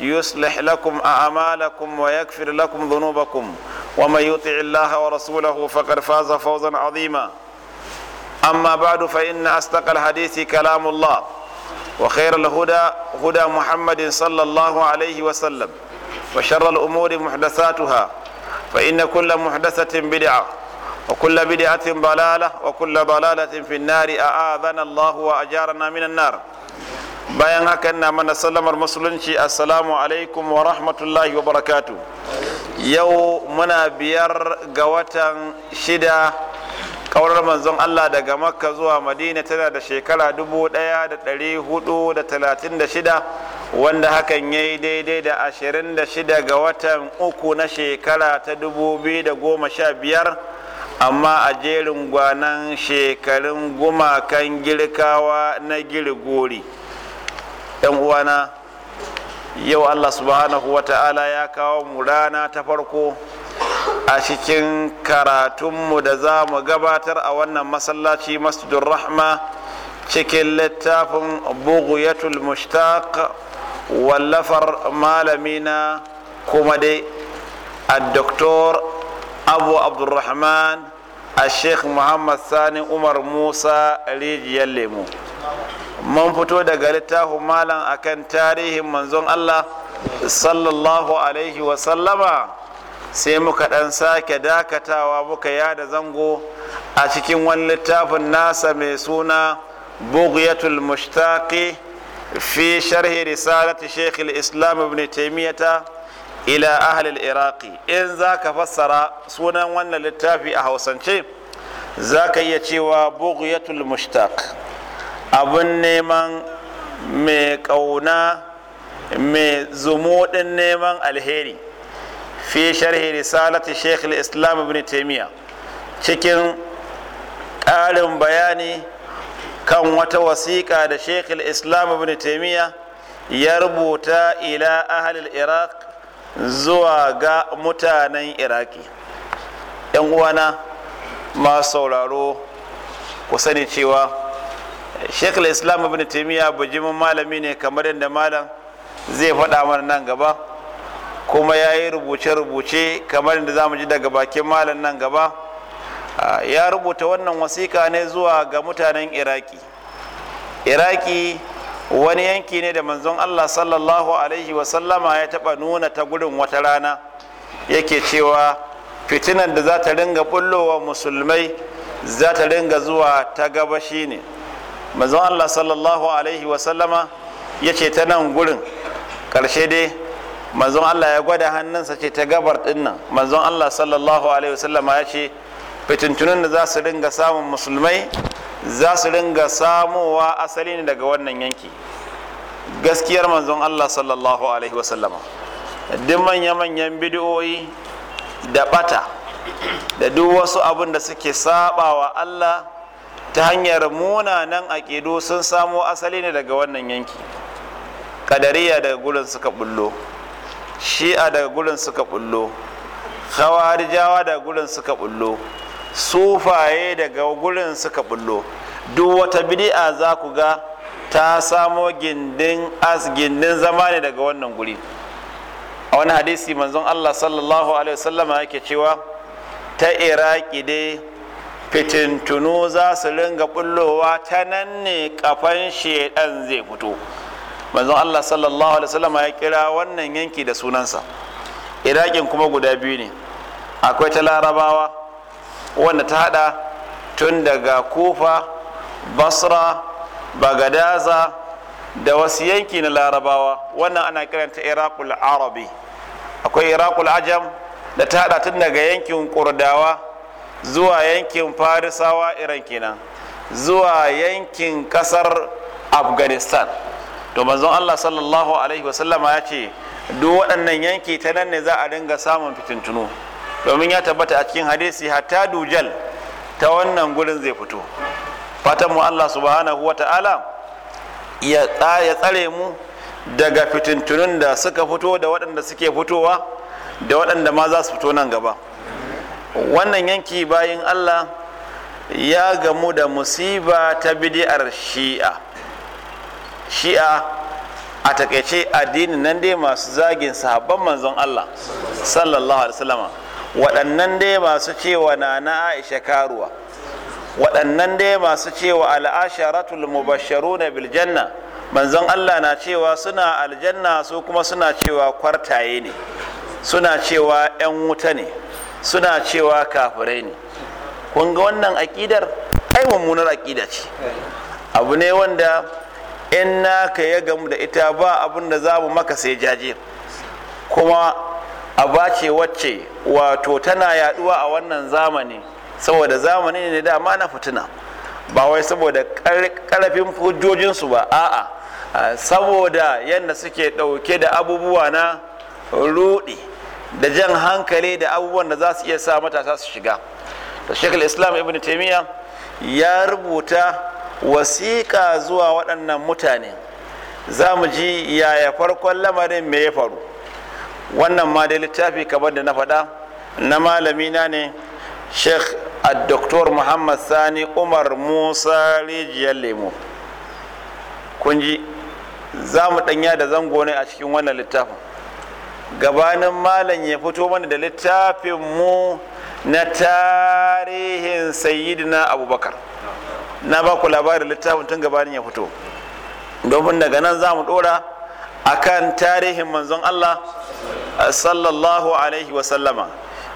يصلح لكم أعمالكم ويغفر لكم ذنوبكم ومن يطع الله ورسوله فقد فاز فوزا عظيما أما بعد فإن أصدق الحديث كلام الله وخير الهدى هدى محمد صلى الله عليه وسلم وشر الأمور محدثاتها فإن كل محدثة بدعة وكل بدعة ضلالة وكل ضلالة في النار أعاذنا الله وأجارنا من النار bayan haka ina mana sallamar musulunci assalamu alaikum wa rahmatullahi wa barakatu yau muna biyar ga watan shida kawar manzon Allah daga makka zuwa madina tana da shekara 1436 wanda hakan ya yi daidai da 26 ga watan uku na shekara ta 2015 amma a jerin gwanan shekarun gumakan girkawa na girgori. yan uwana yau allah subhanahu wa ta'ala ya kawo mu rana ta farko a cikin karatunmu da za mu gabatar a wannan masallaci masjidun rahma cikin littafin bugu buguyatul mushtaq wallafar malamina kuma dai a doktor abu abdulrahman a sheikh muhammad sani umar musa rijiyar lemu mun fito daga littafin malam akan tarihin manzon Allah sallallahu alaihi wasallama sai muka ɗan sake dakatawa muka yada zango a cikin wani littafin nasa mai suna bughyatul mushtaqi fi sharhi risalati sheikh islam ibn taimiyata ila ahlil iraqi in za ka fassara sunan wannan littafi a hausance za ka iya cewa bughyatul mushtaq abin neman mai ƙauna mai zumuɗin neman alheri fi sharhi risalati sheikh islam ibn taimiyya cikin ƙarin bayani kan wata wasiƙa da sheikh islam ibn taimiyya ya rubuta ila ahalil iraq zuwa ga mutanen iraki yan uwana masu sauraro ku sani cewa shekul islam ibn taimiyya bujimin malami ne kamar yadda malam zai faɗa mana nan gaba kuma ya yi rubuce-rubuce kamar yadda za mu ji daga bakin malam nan gaba ah, ya rubuta wannan wasiƙa ne zuwa ga mutanen iraki iraki wani yanki ne da manzon allah sallallahu alaihi wasallama ya taɓa nuna ta gudun wata rana yake cewa fitinan da za ta ringa bullowa musulmai za ta ringa zuwa ta gabashi ne manzon Allah sallallahu alaihi wasallama ya ce ta nan gurin karshe dai manzon Allah ya gwada hannunsa ce ta gabar din nan manzon Allah sallallahu alaihi wasallama ya ce fitintunan da za su ringa samun musulmai za su ringa samowa asali ne daga wannan yanki gaskiyar manzon Allah sallallahu alaihi wasallama duk manya-manyan bidiyoyi da bata da duk wasu abin da suke sabawa Allah ta hanyar munanan aƙidu sun samo asali ne daga wannan yanki kadariya daga gurin suka bullo shi'a daga gurin suka bullo khawarijawa daga gurin suka bullo sufaye daga gurin suka bullo duk wata bidi'a za ku ga ta samo gindin as gindin zama ne daga wannan guri a wani hadisi manzon Allah sallallahu alaihi wasallama yake cewa ta iraki dai fitintunu za su ringa bullowa ta nan ne kafan shedan zai fito manzon Allah sallallahu alaihi wasallam ya kira wannan yanki da sunansa irakin kuma guda biyu ne akwai ta larabawa wanda ta hada tun daga kufa basra bagadaza da wasu yanki na larabawa wannan ana kiranta iraqul arabi akwai iraqul ajam da ta hada tun daga yankin kurdawa zuwa yankin farisawa iran kenan zuwa yankin kasar afghanistan to manzon allah sallallahu alaihi wasallama ya ce duk waɗannan yanki ta nan ne za a dinga samun fitintunu domin ya tabbata a cikin hadisi hatta dujal ta wannan gurin zai fito fatan mu allah subhanahu wa ta'ala ya tsare mu daga fitintunun da suka fito da waɗanda suke fitowa da waɗanda ma za su fito nan gaba wannan yanki bayan allah ya gamu da musiba ta bidi'ar shi'a shi'a a takaice addini nan dai masu zagin sahabban manzon allah sallallahu alaihi wasallama waɗannan dai masu cewa na aisha karuwa waɗannan dai masu cewa al'asharatul mubashsharuna bil Janna, manzon allah na cewa suna aljanna su kuma suna cewa kwartaye ne suna cewa 'yan wuta ne suna cewa kafirai ne kun ga wannan aƙidar ai mummunar aƙida ce abu ne wanda in naka ya gamu da ita ba abin da za mu maka sai jaje kuma a ce wacce wato tana yaduwa a wannan zamani saboda zamani ne dama na fitina ba wai saboda karfin hujjojinsu ba a'a saboda yadda suke ɗauke da abubuwa na rudi da jan hankali da abubuwan da za su iya sa matasa su shiga da shekul islam ibn taimiyya ya rubuta wasiƙa zuwa waɗannan mutane za mu ji yaya farkon lamarin me ya faru wannan ma dai littafi kamar da na faɗa na malamina ne sheikh dr muhammad sani umar musa rijiyar lemo kun ji za mu ɗanya da zango ne a cikin wannan littafin gabanin malam ya fito mana da littafinmu na tarihin sayyidina abubakar na ba ku labarin littafin tun gabanin ya fito domin daga nan za mu dora kan tarihin manzon allah sallallahu alaihi wasallama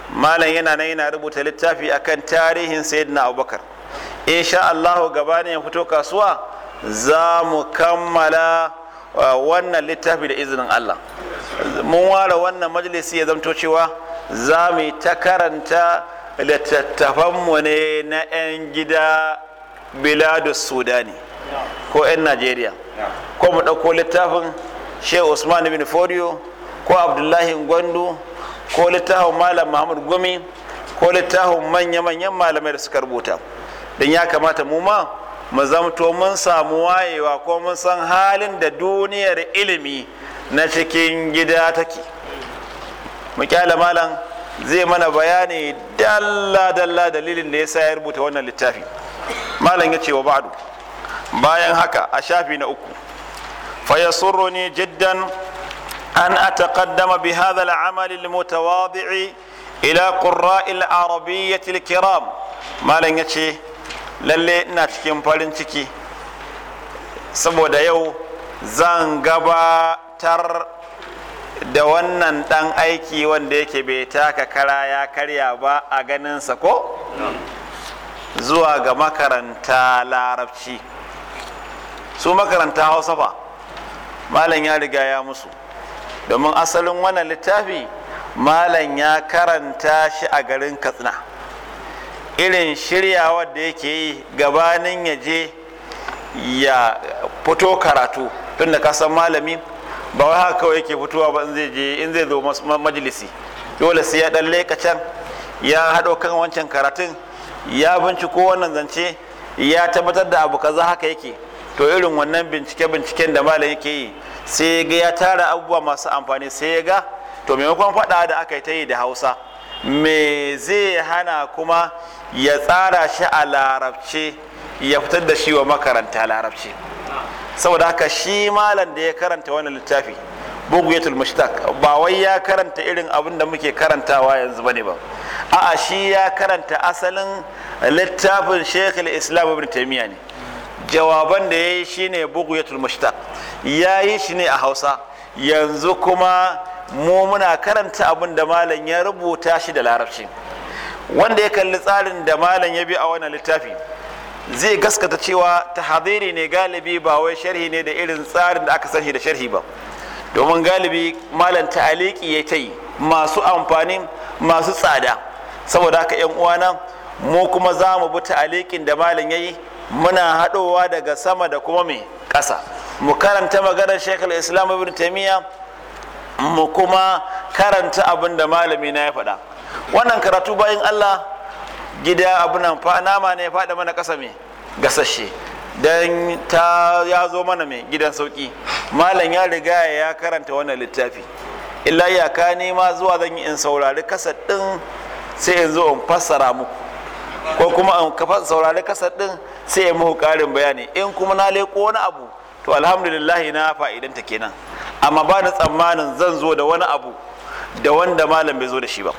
malam yana nan yana rubuta littafi a kan tarihin sayyidina abubakar sha allahu gabanin ya fito kasuwa za mu kammala Ah, wannan littafi da izinin Allah mun ware wannan majalisi ya zamto cewa za mu ta karanta littattafanmu ne na 'yan gida biladu sudani ko 'yan najeriya ko mu ɗauko littafin shehu usman bin fodiyo ko abdullahi gwandu ko littafin malam muhammad gumi ko littafin manya-manyan malamai da suka rubuta don ya kamata mu ma mu zamto mun samu wayewa ko mun san halin da duniyar ilimi na cikin gida take mu malam zai mana bayani dalla dalla dalilin da yasa ya rubuta wannan littafi malam ya ce wa ba'du bayan haka a shafi na uku fa yasurruni jiddan an ataqaddama bi hadha al-amal al-mutawadi' ila qurra'i al-arabiyyati al-kiram malam ya ce lalle ina cikin farin ciki saboda yau zan gabatar da wannan ɗan aiki wanda yake bai taka kara ya karya ba a ganinsa ko zuwa ga makaranta larabci su makaranta hausa ba malam ya riga ya musu domin asalin wannan littafi malam ya karanta shi a garin katsina irin shiryawa da yake yi gabanin ya je ya fito karatu tunda ka san malami ba wai haka kawai yake fitowa ba in zai je in zai zo majalisi dole sai ya dan leka ya haɗo kan wancan karatun ya binciko wannan zance ya tabbatar da abu kaza haka yake to irin wannan bincike binciken da malam yake yi sai ya ga ya tara abubuwa masu amfani sai ya ga to maimakon faɗa da aka yi ta yi da hausa me zai hana kuma ya tsara shi a larabce ya fitar da shi wa makaranta larabce saboda haka shi malam da ya karanta wani littafi bugiyatul mushtaq ba wai ya karanta irin abin da muke karantawa yanzu bane ba a'a shi ya karanta asalin littafin Sheikh islam Ibn Taymiyyah ne jawaban da yayi shine bugiyatul mushtaq yayi shi ne a Hausa yanzu kuma mu muna karanta abin da malam ya rubuta shi da larabci wanda ya kalli tsarin da malam ya bi a wannan littafi zai gaskata cewa ta hadiri ne galibi ba wai sharhi ne da irin tsarin da aka sashi da sharhi ba domin galibi malam ta aliki ya ta yi masu amfani masu tsada saboda haka yan uwana mu kuma za mu bi alikin da malam ya yi muna haɗowa daga sama da kuma mai ƙasa mu karanta maganar shekul islam ibn taimiyya mu kuma karanta abin da malami na ya faɗa wannan karatu bayan allah gida abin nama ne ya faɗa mana ƙasa mai gasashe don ta ya zo mana mai gidan sauki malam ya riga ya karanta wannan littafi illa iyaka ma zuwa zan yi in saurari kasar ɗin sai in zo in fassara muku ko kuma in saurari kasar ɗin sai in muku ƙarin bayani in kuma na leƙo wani abu to alhamdulillah na fa'idanta kenan amma ba ni tsammanin zan zo da wani abu da wanda malam bai zo da shi ba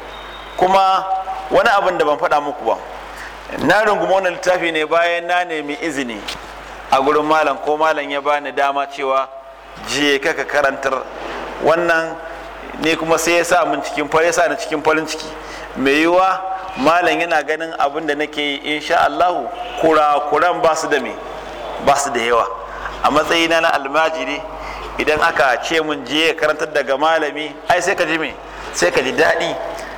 kuma wani abin da ban faɗa muku ba na rungumi wannan littafi ne bayan na nemi izini a gurin malam ko malam ya bani dama cewa je ka ka karantar wannan ne kuma sai ya sa min cikin fari sa ni cikin farin ciki mai yiwa malam yana ganin abin da nake yi insha Allah kura kuran ba su da me ba da yawa a matsayina na almajiri idan aka ce mun je karantar daga malami ai sai ka ji me sai ka ji daɗi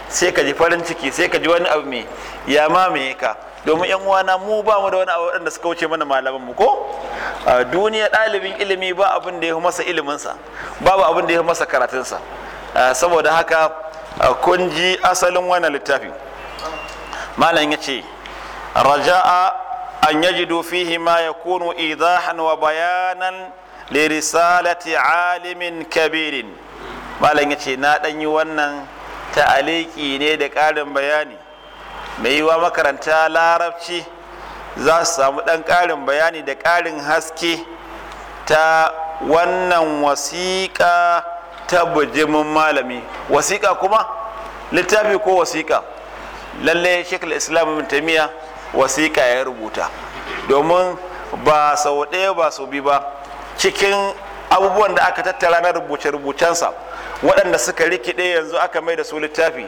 sai ka ji farin ciki sai ka ji wani abu me ya mamaye ka domin yan uwana mu ba mu da wani abu wanda suka wuce mana malaman mu ko duniya ɗalibin ilimi ba abin da ya masa ilimin sa ba abin da ya masa karatun sa saboda haka kun ji asalin wannan littafi malam yace raja'a an yajidu fihi ma yakunu idahan wa bayanan li risalati alimin kabirin malam ya ce na ɗan yi wannan ta'aliki ne da ƙarin bayani mai yiwa makaranta larabci za su samu ɗan ƙarin bayani da ƙarin haske ta wannan wasiƙa ta bujimin malami wasiƙa kuma littafi ko wasiƙa lalle shekul islam ibn tamiya wasiƙa ya rubuta domin ba sau ɗaya ba sau biyu ba cikin abubuwan da aka tattara na rubuce-rubucensa waɗanda suka rikide yanzu aka mai da su littafi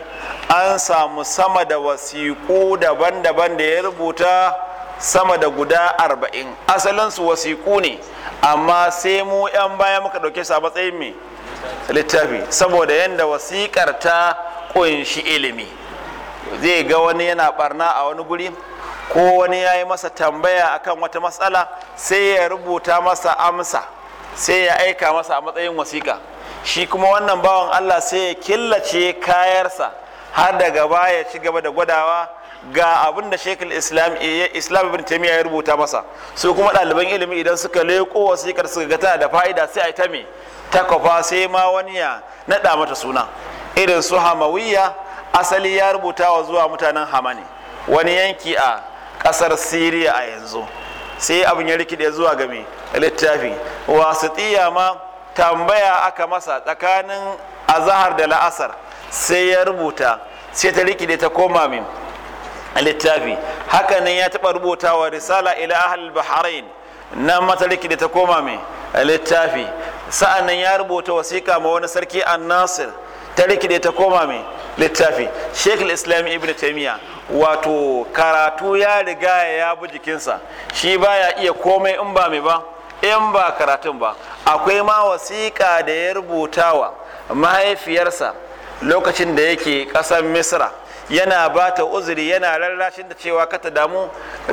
an samu sama da wasiƙu daban-daban da ya rubuta sama da guda arba'in asalinsu wasiƙu ne amma sai mu 'yan baya muka ɗauke su a matsayin mai littafi saboda yadda wasiƙar ta ƙunshi ilimi zai ga wani yana ɓarna a wani guri ko wani ya yi masa tambaya akan wata matsala sai ya rubuta masa amsa sai ya aika masa a matsayin wasiƙa shi kuma wannan bawan allah sai ya killace kayarsa har daga baya ci gaba da gwadawa ga abin da shekul islam ya rubuta masa su kuma ɗaliban ilimi idan suka leko wasiƙar suka gata da fa'ida sai a yi ta me ta sai ma wani ya naɗa mata suna irin su Hamawiyya asali ya rubuta wa zuwa mutanen hamani wani yanki a kasar siriya a yanzu sai abin ya rikide zuwa game, mai littafi wasitiya ma tambaya aka masa tsakanin azahar da la'asar sai ya rubuta sai ta rikide ta koma min littafi hakanan ya taɓa wa risala ila ahal bahrain nan mata rikide ta koma min littafi sa'annan ya rubuta wasiƙa ma wani sarki an nasir ta rikide ta koma min? littafi sheikh islam ibn taimiyya wato karatu ya riga ya bi jikinsa shi baya iya komai in ba mai ba in ba karatun ba akwai ma wasiƙa da ya rubuta wa mahaifiyarsa lokacin da yake ƙasar misra yana ba ta uzuri yana rarrashin da cewa kata damu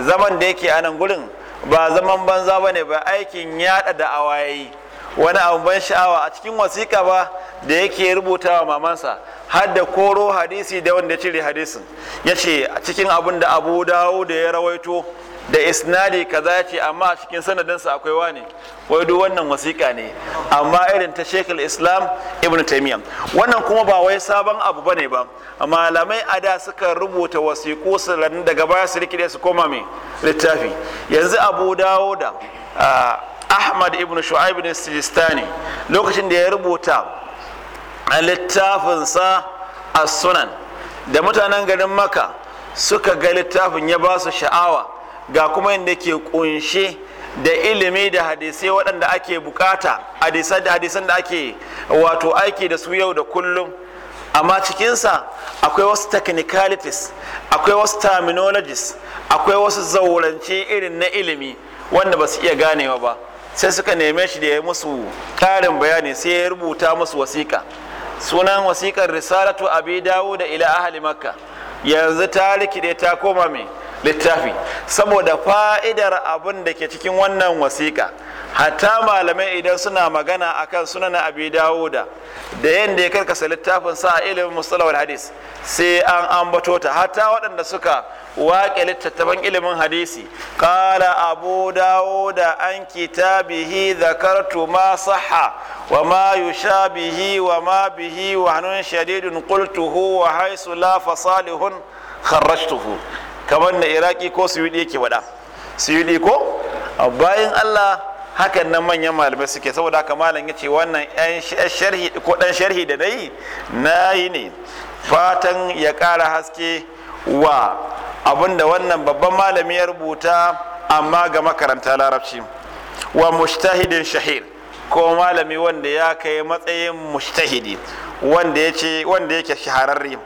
zaman da yake a nan gurin ba zaman banza ba ne ba aikin yada da awayayi wani abu ban sha'awa a cikin wasiƙa ba da yake rubuta wa mamansa har da koro hadisi da wanda cire hadisin ya ce a cikin abin da abu dawo da ya rawaito da isnadi kaza ya ce amma a cikin sanadinsa akwai wani wai duk wannan wasiƙa ne amma irin ta shekul islam ibn taimiyya wannan kuma ba wai sabon abu ba ne ba malamai a da suka rubuta wasiƙu su daga baya su rikide su koma mai littafi yanzu abu dawo da ahmad ibn shu'aib ibn sijistani lokacin da ya rubuta a littafin sa a sunan da mutanen garin maka suka ga littafin ya ba su sha'awa ga kuma yadda ke kunshe da ilimi da hadisai waɗanda ake bukata hadisan da ake wato aiki da su yau da kullum amma cikinsa akwai wasu technicalities akwai wasu terminologies akwai wasu zaurance irin na ilimi wanda ba su iya ganewa ba sai suka neme shi da ya musu ƙarin bayani sai ya rubuta musu wasiƙa sunan wasiƙar risalatu abi dawo da ila ahali makka yanzu ta rikide ta koma mai littafi saboda fa'idar abin da ke cikin wannan wasiƙa hatta malamai idan suna magana akan sunan abi dawuda da yadda ya karkasa littafin sa ilimin mustalawar hadis sai an ambato ta hatta waɗanda suka waƙe littattafan ilimin hadisi qala abu dawuda an kitabihi zakartu ma sahha wa ma yushabihi wa ma bihi wa hanun shadidun qultuhu wa haisu la fasalihun kharrajtuhu kamar na iraki ko suyudi yake faɗa suyudi ko bayan allah hakan nan manyan malamai suke saboda haka malam yace wannan sharhi ko ɗan sharhi da nayi nayi ne fatan ya ƙara haske wa abinda wannan babban malami ya rubuta amma ga makaranta larabci wa mushtahidin shahir ko malami wanda ya kai matsayin mushtahidi wanda yake shahararre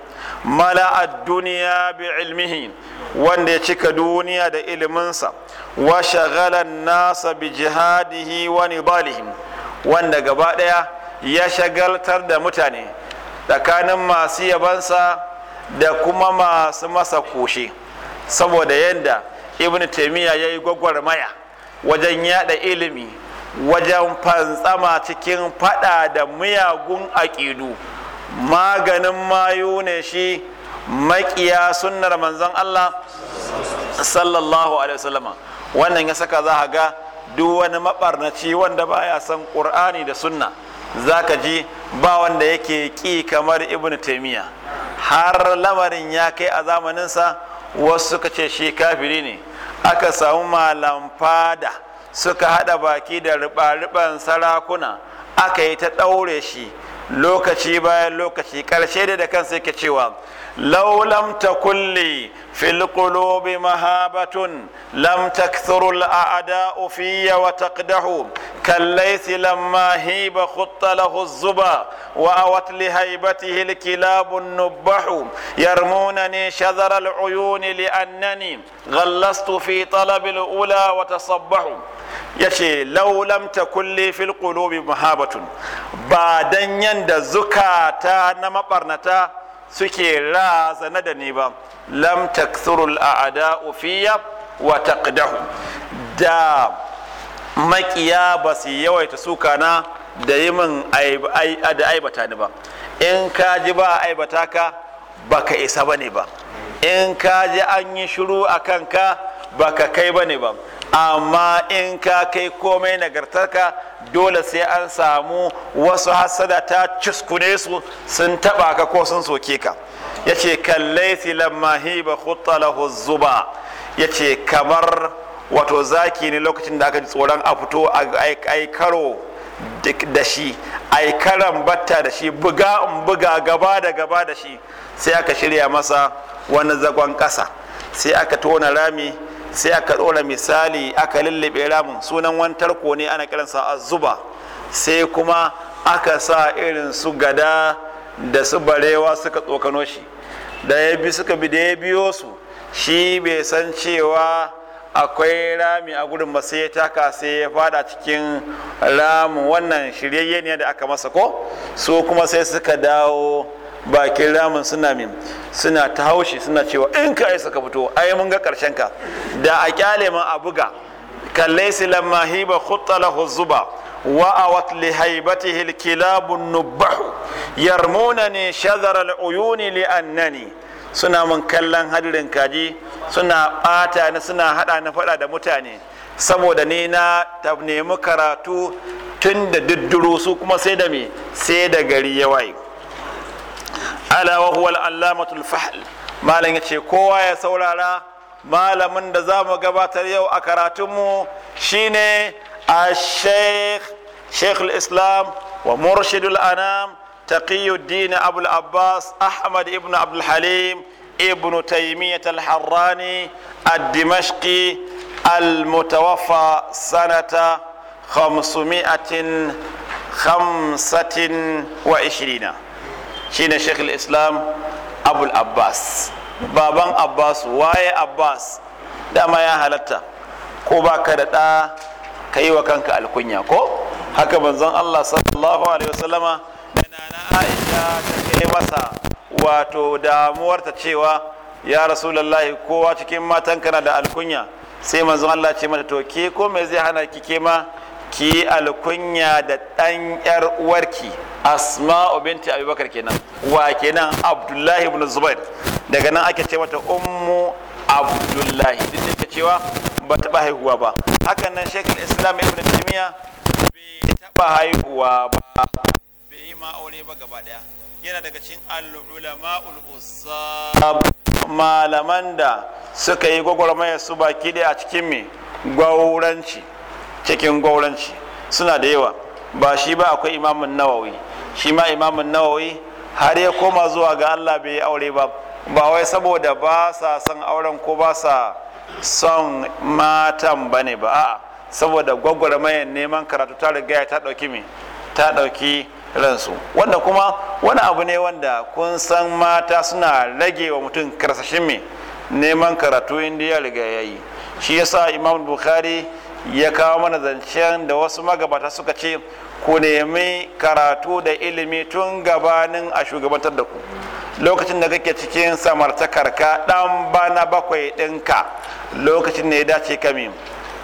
a duniya bi ilmihi wanda ya cika duniya da iliminsa wa shagalan nasa bi jihadihi wa nibalihim wanda gaba ɗaya ya shagaltar da mutane tsakanin masu yabansa da kuma masu masa kushe saboda yadda ibn taimiyya ya yi gwagwarmaya wajen yada ilimi wajen fantsama cikin fada da miyagun aƙidu maganin mayu ne shi maƙiya sunnar manzon Allah sallallahu alaihi wasallama wannan ya saka za ga duk wani maɓarnaci wanda baya son qur'ani da sunna zaka ji ba wanda yake ƙi kamar ibn taimiya har lamarin ya kai a zamaninsa wasu suka ce shi kafiri ne aka samu malam fada suka haɗa baki da riba-riban sarakuna aka yi ta ɗaure shi lokaci bayan lokaci ƙarshe da kansa yake cewa لو لم تكن لي في القلوب مهابة لم تكثر الأعداء في وتقدح كالليث لما هيب خط له الزبا وأوت لهيبته الكلاب النبح يرمونني شذر العيون لأنني غلست في طلب الأولى وتصبح يشي لو لم تكن لي في القلوب مهابة بعدين يند زكاتا نمبرنتا suke razana da ni ba lam taksurul a'ada ufiya wa taqdahu da makiya ba su yawaita na da yi min da aibata ni ba in ka ji ba aibata ka baka isa ba ne ba in ka ji an yi shiru a kanka ba ka kai ba ne ba amma in ka kai komai nagartarka dole sai an samu wasu hasada ta cuskune su sun taba ka ko sun soke ka yace kallaisi lamma hiba khutta lahu zuba ce kamar wato zaki ne lokacin da aka ji tsoron a fito a karo da shi a karan batta da shi buga in buga gaba da gaba da shi sai aka shirya masa wani zagon ƙasa sai aka tona rami sai aka ɗora misali aka lullube ramin sunan wani tarko ne ana kiransa azuba sai kuma aka sa irin su gada da su barewa suka tsokano shi da ya bi suka bi da ya biyo su shi bai san cewa akwai rami a gudun ba sai ya taka sai ya fada cikin ramin wannan shiryayye ne da aka masa ko su kuma sai suka dawo bakin ramin suna min suna ta haushi suna cewa in ka isa ka fito ai mun ga karshen ka da a kyale man a buga kallaisi lamma hiba khutta lahu zuba wa awat li haibatihi al kilab yarmunani shadhar al li annani suna mun kallon hadirin kaji suna bata ni suna hada na fada da mutane saboda ni na nemi karatu tun da didduro su kuma sai da me sai da gari ya waye ala wa huwa al-allamatul fahl malam yace kowa ya saurara malamin da zamu gabatar yau a karatunmu shine a shaykh shaykh islam wa murshid ana anam taqiyuddin abul abbas ahmad ibn abdul halim ibn taymiyah al-harrani ad-dimashqi المتوفى سنة خمسمائة خمسة وعشرين shine Sheikh islam Abul Abbas baban Abbas waye Abbas dama ya halatta ko ba ka da ɗa ka yi wa kanka alkunya ko haka manzon Allah sallallahu alaihi wasallama da nana Aisha ta kai masa wato damuwarta cewa ya rasulallahi kowa cikin matanka na da alkunya sai manzon Allah ce mata to ke ko me zai hana ki ke ma ki alkunya da ɗan 'yar uwarki asma'u binti abubakar kenan wa kenan abdullahi ibn zubair daga nan ake ce mata ummu abdullahi duk da cewa ba taɓa haihuwa ba hakan nan shekul islam ibn taimiya bai taɓa haihuwa ba bai yi ma aure ba gaba ɗaya yana daga cikin al'ulama ul'uzab malaman da suka yi gwagwarmaya su baki ɗaya a cikin mai gwauranci cikin gwauranci suna da yawa ba shi ba akwai imamun nawawi shi ma imamun nawawi har ya koma zuwa ga allah bai yi aure ba ba wai saboda ba sa son auren ko ba sa son matan ba ne ba a'a saboda mayan neman karatu ta riga ta ɗauki me ta ɗauki ransu wanda kuma wani abu ne wanda kun san mata suna rage wa mutum karsashin mai neman karatu inda ya riga ya yi shi yasa imam bukhari ya kawo mana zancen da wasu magabata suka ce ku nemi karatu da ilimi tun gabanin a shugabantar da ku lokacin da kake cikin samartakarka dan bana bakwai ɗinka lokacin ne ya dace kami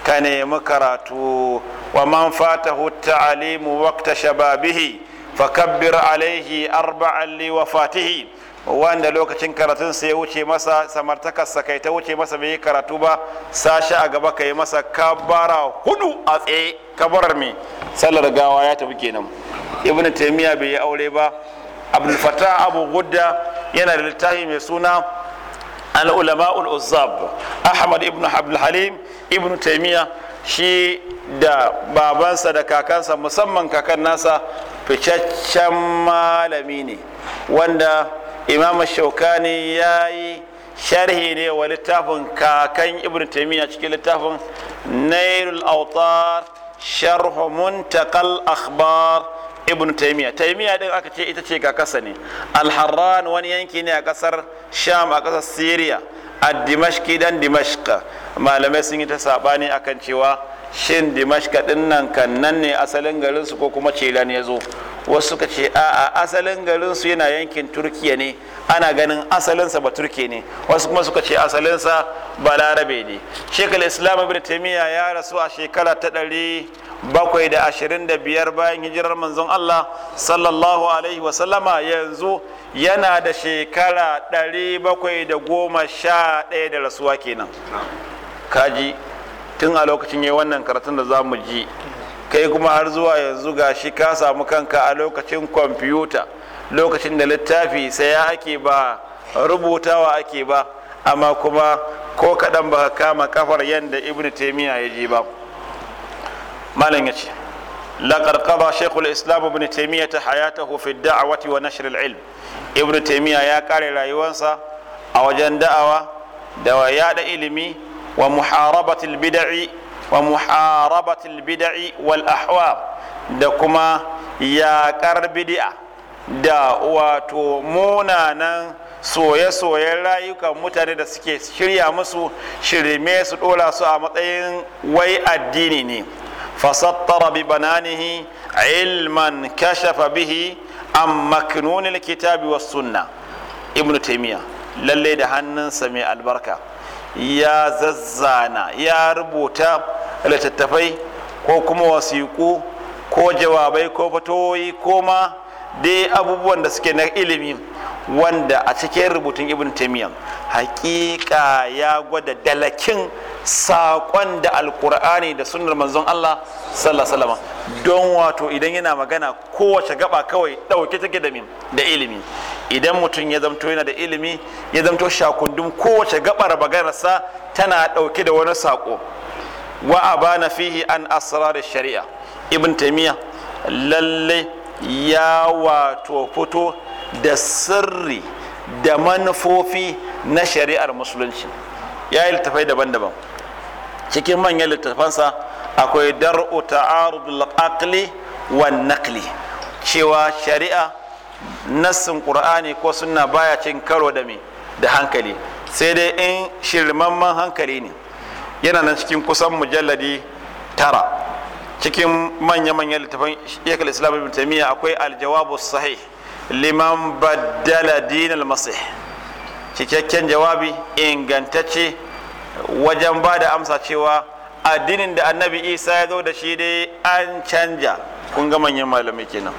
ka nemi karatu wa man fatahu ta'alimu waqta shababihi fakabbir alaihi arba'an li wafatihi wanda lokacin karatun sai ya wuce masa samartakarsa kai ta wuce masa bai yi karatu ba sashi a gaba kai masa kabara hudu a tsaye kabarar mai sallar gawa ya tafi kenan ibn Taimiyya bai yi aure ba abdul fata abu gudda yana da littafi mai suna al ulama ul uzzab ahmad ibn abdul halim ibn Taimiyya shi da babansa da kakansa musamman kakan nasa ficaccen malami ne wanda imam shaukani ya yi sharhi ne wa littafin kakan ibn taimiyya cikin littafin nairul autar sharhu muntakal akhbar ibn taimiyya taimiyya din aka ce ita ce kakasa ne alharran wani yanki ne a kasar sham a kasar syria a dimashki dan dimashka malamai sun yi ta sabani akan cewa shin dimashka din nan kan nan ne asalin garinsu ko kuma cela ya zo wasu suka ce a'a asalin garinsu yana yankin turkiya ne ana ganin asalinsa ba turke ne wasu kuma suka ce asalinsa ba larabe ne shekar islam ibn taimiyya ya rasu a shekara ta ɗari bakwai da ashirin da biyar bayan hijirar manzon allah sallallahu alaihi wasallama yanzu yana da shekara ɗari bakwai da goma sha ɗaya da rasuwa kenan kaji tun a lokacin yi wannan karatun da za mu ji kai kuma har zuwa yanzu ga shi ka samu kanka a lokacin kwamfuta lokacin da littafi sai ya ake ba rubutawa ake ba amma kuma ko kaɗan ba kama kafar yadda ibn taimiyya ya je ba malam ya ce islam ibn taimiyya ta hayata hufi حياته wa الدعوه ilm Ibn taimiyya ya kare rayuwansa a wajen da'awa da wa yaɗa ilimi wa muharabatil bida'i wa muharabatil bid'i wal ahwa da kuma yaƙar bid'a da wato munanan soye-soyen rayukan mutane da suke shirya musu shirme su dola su a matsayin wai addini ne fasattara bi bananihi ilman kashafa bihi an maknunil kitabi was sunna ibnu taimiyya lalle da hannunsa mai albarka ya zazzana ya rubuta littattafai ko kuma wasiƙu ko jawabai ko fatoyi ko ma dai abubuwan da suke na ilimi wanda a cikin rubutun ibn taimiyan hakika ya gwada dalakin saƙon da alkur'ani da sunar manzon Allah sallallahu don wato idan yana magana kowace gaba kawai ɗauke take da da ilimi idan mutum ya zamto yana da ilimi ya zamto shakundun kowace gabar maganarsa tana ɗauke da wani saƙo wa abana fihi an asrar shari'a ibn taymiya lalle ya wato fito da sirri da manufofi na shari'ar musulunci ya yi littafai daban-daban cikin manyan littafansa akwai dar'u ta'arudul aqli wa naqli cewa shari'a nassin qur'ani ko sunna baya cin karo da me da hankali sai dai in shirmamman hankali ne yana nan cikin kusan mujalladi tara cikin manya-manyan littafin shekul islam ibn taimiyya akwai aljawabu sahih liman baddala dinal masih cikakken jawabi ingantacce wajen ba da amsa cewa addinin da annabi isa ya zo da shi dai an canja kun ga manyan malamai kenan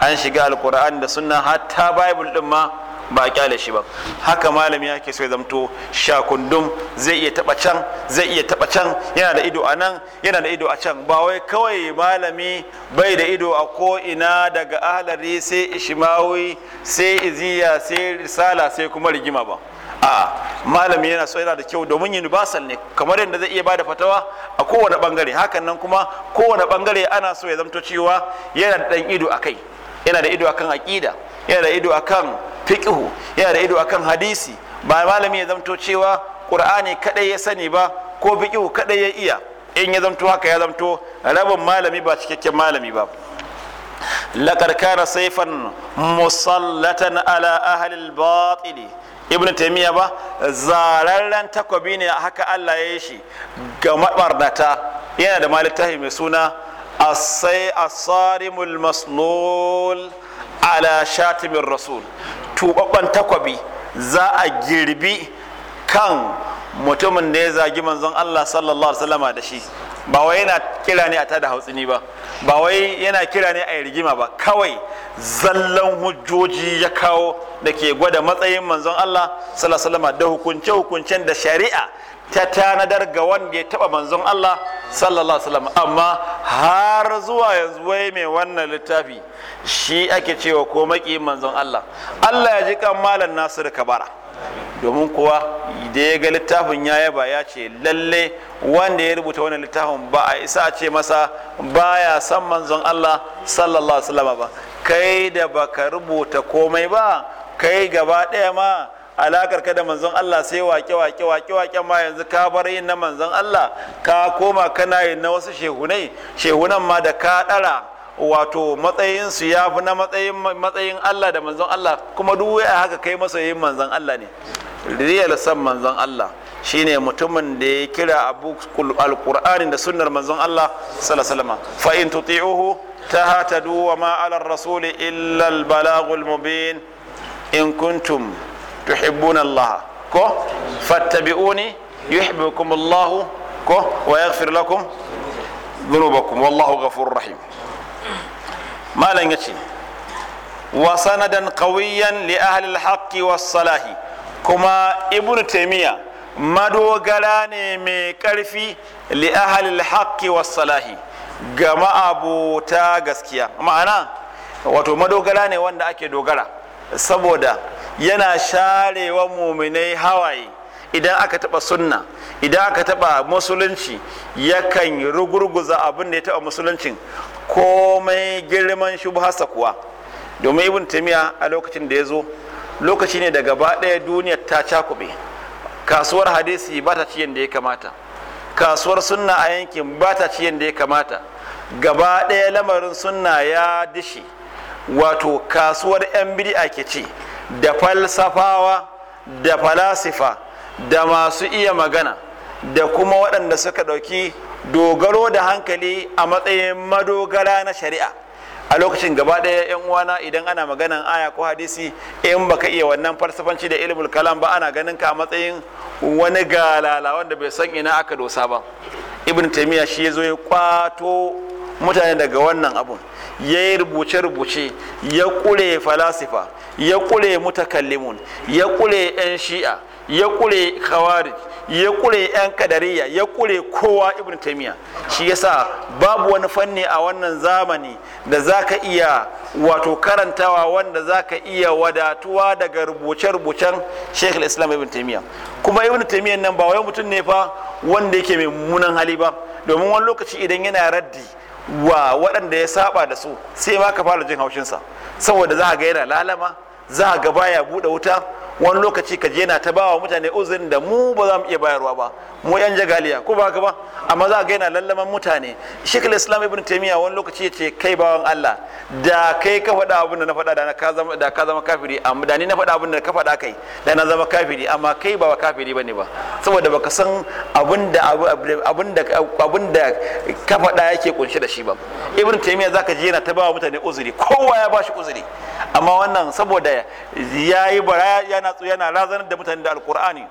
an shiga alkur'an da sunna hatta bible din ma ba a kyale shi ba haka malami yake so ya zamto shakundum zai iya taba can zai iya taba can yana da ido a nan yana da ido a can ba wai kawai malami bai da ido a ko ina daga ahlari sai ishimawi sai iziya sai risala sai kuma rigima ba a malami yana so yana da kyau domin yin basal ne kamar yadda zai iya bada fatawa a kowane bangare hakan nan kuma kowane bangare ana so ya zamto cewa yana da dan ido a kai yana da ido akan aqida yana da ido akan fiqhu yana da ido akan hadisi ba malami ya zamto cewa qur'ani kadai ya sani ba ko fiqhu kadai ya iya in ya zamto haka ya zamto rabin malami ba cikakken malami ba laqad kana sayfan musallatan ala ahli al-batil ibn taymiya ba zararren takwabi ne haka Allah ya yi shi ga mabarnata yana da malittafi mai suna asai asarimul maslul ala shatimin rasul tubabban takwabi za a girbi kan mutumin da ya zagi manzon Allah sallallahu alaihi wasallama da shi ba wai yana kira ne a tada hautsini ba ba wai yana kira ne a yi rigima ba kawai zallan hujjoji ya kawo da ke gwada matsayin manzon Allah sallallahu alaihi wasallama da hukunce hukuncen da shari'a ta tanadar ga wanda ya taba manzon Allah sallallahu alaihi wasallam amma har zuwa yanzu wai mai wannan littafi shi ake cewa ko maki manzon Allah Allah ya ji kan malam Nasiru Kabara domin kuwa da ya ga littafin ya yaba ya ce lalle wanda ya rubuta wannan littafin ba a isa a ce masa baya san manzon Allah sallallahu alaihi wasallam ba kai da baka rubuta komai ba kai gaba ɗaya ma alakar ka da manzon Allah sai wake wake wake wake ma yanzu ka bar yin na manzon Allah ka koma kana yin na wasu shehunai shehunan ma da ka dara wato matsayin su ya fi na matsayin matsayin Allah da manzon Allah kuma duk wai haka kai masoyin manzon Allah ne riyal san manzon Allah shine mutumin da ya kira abu alqur'ani da sunnar manzon Allah sallallahu alaihi fa in tuti'uhu tahtadu wa ma ala ar-rasul illa al mubin in kuntum tuhibbuna Allah ko fattabi'uni yuhibbukum Allah ko wa yaghfir lakum dhunubakum wallahu ghafurur rahim malan yace wa sanadan qawiyan li ahli al was kuma ibnu taymiya madogara ne mai karfi li ahli al-haqqi was gama ga gaskiya ma'ana wato madogara ne wanda ake dogara saboda yana sharewa muminai hawaye idan aka taba sunna idan aka taba musulunci yakan rugurguza abin da ya taba musuluncin komai girman shubhasa kuwa domin ibn tamiya a lokacin da ya zo lokaci ne da gaba ɗaya duniyar ta cakube kasuwar hadisi ba ta ci da ya kamata kasuwar sunna a yankin ba ta ci da ya kamata gaba ɗaya lamarin sunna ya dishi wato kasuwar yan bid'a ke ci da falsafawa da falasifa da masu iya magana da kuma waɗanda suka ɗauki dogaro da hankali a matsayin madogara na shari'a a lokacin gaba ɗaya yan uwana idan ana maganan aya ko hadisi in baka iya wannan falsafanci da ilimin kalam ba ana ganin ka a matsayin wani galala wanda bai san ina aka dosa ba ibn taimiyya shi ya zo ya kwato mutane daga wannan abun ya yi rubuce-rubuce ya kure falasifa ya kure mutakallimun ya kure 'yan shi'a ya kure khawarij ya kure 'yan kadariya ya kure kowa ibn taimiyya shi yasa babu wani fanni a wannan zamani da zaka iya wato karantawa wanda zaka iya wadatuwa daga rubuce-rubucen sheikh islam ibn taimiyya kuma ibn taimiyya nan ba wani mutum ne fa wanda yake mai mummunan hali ba domin wani lokaci idan yana raddi wa waɗanda ya saba da su sai ma ka fara jin haushinsa saboda za ga yana lalama za ga baya buɗe wuta wani lokaci ka je na ta ba wa mutane uzurin da mu ba za mu iya bayarwa ba mu yan jagaliya ko ba ka ba amma za ga yana lallaman mutane shekul islam ibn taimiyya wani lokaci ya ce kai bawan allah da kai ka faɗa abin da na faɗa da ka zama kafiri amma da ni na faɗa abin da ka faɗa kai da na zama kafiri amma kai ba kafiri ba ne ba saboda baka san abin da abin da abin da ka faɗa yake kunshe da shi ba ibn taimiyya ka je na ta ba wa mutane uzuri kowa ya ba shi uzuri amma wannan saboda ya yi baraya yana yana lazanar da mutane da alkur'ani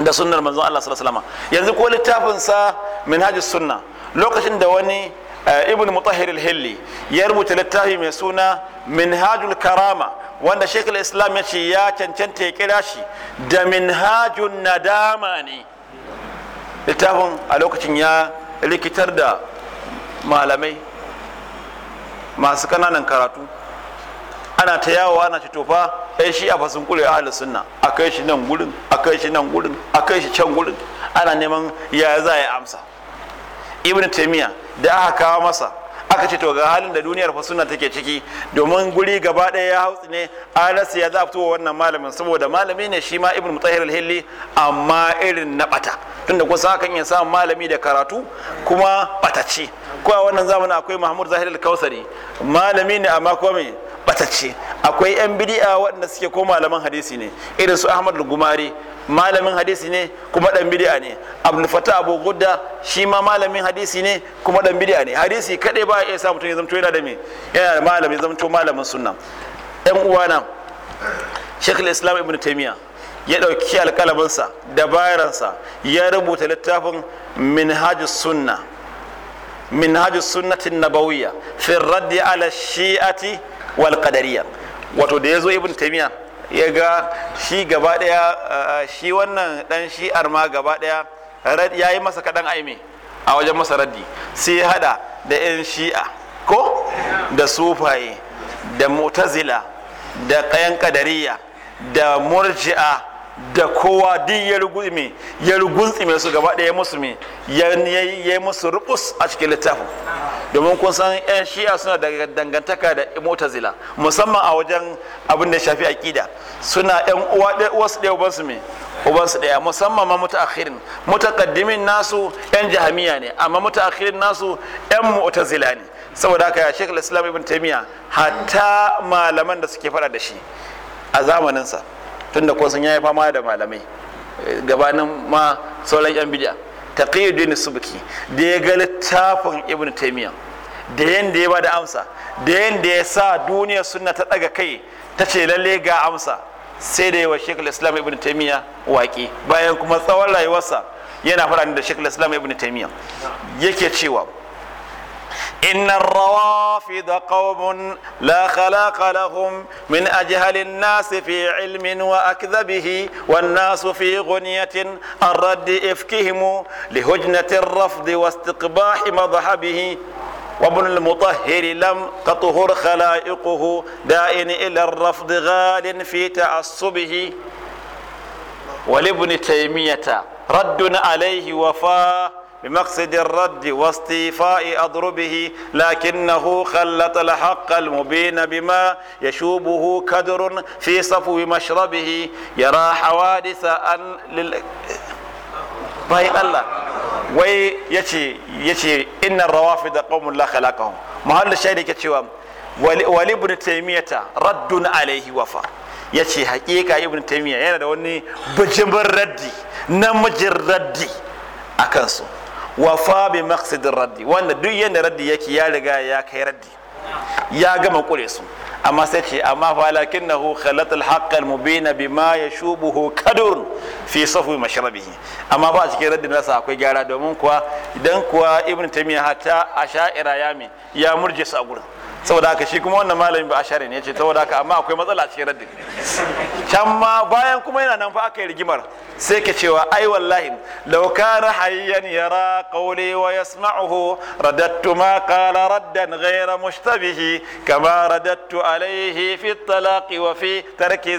da sunnar manzon Allah sallallahu alaihi yanzu ko littafin sa minhajus sunna lokacin da wani eh, ibn mutahhir al-hilli ya rubuta littafi mai suna minhajul karama wanda shekul islam ya ce ya cancanta ya kira shi da minhajun nadama ne littafin a lokacin ya rikitar da malamai masu kananan karatu ana ta yawo ana ci tofa ɗan shi a fasin kure ahalus sunna a kai shi nan gurin a kai shi nan gurin a kai shi can gurin ana neman ya za ya amsa ibn taimiya da aka kawo masa aka ce to ga halin da duniyar fa sunna take ciki domin guri gaba ɗaya ya hautsi ne alas ya za fito wannan malamin saboda malami ne shi ma ibn mutahir al-hilli amma irin na bata tunda kusa hakan iya samu malami da karatu kuma batacce ko a wannan zamanin akwai mahmud zahir al-kausari malami ne amma kuma batacce akwai yan bidi'a waɗanda suke ko malaman hadisi ne irin su ahmad gumari malamin hadisi ne kuma dan bidi'a ne abdul Fata abu gudda shi ma malamin hadisi ne kuma dan bidi'a ne hadisi kadai ba ya sa mutum ya zamto yana da me yana da malami ya zamto malamin sunna yan uwana shekul islam ibn taimiyya ya ɗauki alƙalaminsa da bayaransa ya rubuta littafin minhajus sunna minhajus sunnatin nabawiyya fi raddi ala shi'ati Walƙadariya, wato da ya zo ibn taymiya ya ga shi gaba daya eh, shi wannan ɗan shi'ar ma gaba daya ya yi masa kaɗan aime a wajen masa raddi sai ya hada da yan shi'a ko da sufaye da mutazila da kayan ƙadariya, da murji'a da kowa din ya rugume ya rugunsume su gaba ɗaya musu mi ya yi musu rubus a cikin littafin domin kun san yan shi'a suna da dangantaka da mutazila musamman a wajen abin da shafi aqida suna yan uwa ɗaya uwansu ɗaya ubansu me ubansu ɗaya musamman ma mutaakhirin mutaqaddimin nasu yan jahamiya ne amma akhirin nasu yan mu'tazila ne saboda haka ya Sheikh Islam Ibn miya hatta malaman da suke fada da shi a zamaninsa tunda ko sun yayi fama da malamai eh, gabanin ma sauran yan bid'a taqiyuddin subki da ya ga littafin ibnu taymiya da yanda ya bada amsa da yanda ya sa duniyar sunna ta daga kai ta ce lalle ga amsa sai da yawa shekul islam ibn taimiyya waƙi bayan kuma tsawon rayuwarsa yana faɗa da shekul islam ibn taimiyya yake cewa إن الروافد قوم لا خلاق لهم من أجهل الناس في علم وأكذبه والناس في غنية الرد إفكهم لهجنة الرفض واستقباح مذهبه وابن المطهر لم تطهر خلائقه دائن إلى الرفض غال في تعصبه ولابن تيمية رد عليه وفاه بمقصد الرد واصطفاء أضربه لكنه خلط الحق المبين بما يشوبه كدر في صفو مشربه يرى حوادث أن لل... طيب الله وي يشي يشي إن الروافد قوم لا خلقهم محل الشيء كتشوام ولابن تيمية رد عليه وفر يشي حقيقة ابن تيمية يعني دوني بجمر ردي نمجر ردي أكنسو wa fa bi maqsidir raddi wanda duk yanda raddi yake ya riga ya kai raddi ya gama kure su amma sai ce amma falakin na hu khalatul haqqal mubina bima yashubuhu kadur fi safwi mashrabihi amma ba a cikin raddin nasa akwai gyara domin kuwa idan kuwa ibn taymiya hatta asha'ira ya me ya murje su a gurin saboda haka shi kuma wannan malami ba ashari ne ce saboda haka amma akwai matsala a cikin raddin can ma bayan kuma yana nan fa aka yi rigimar sai ka cewa ai wallahi law kana hayyan yara qawli wa yasma'uhu radattu ma qala raddan ghayra mushtabihi kama radattu alaihi fi talaqi wa fi tarki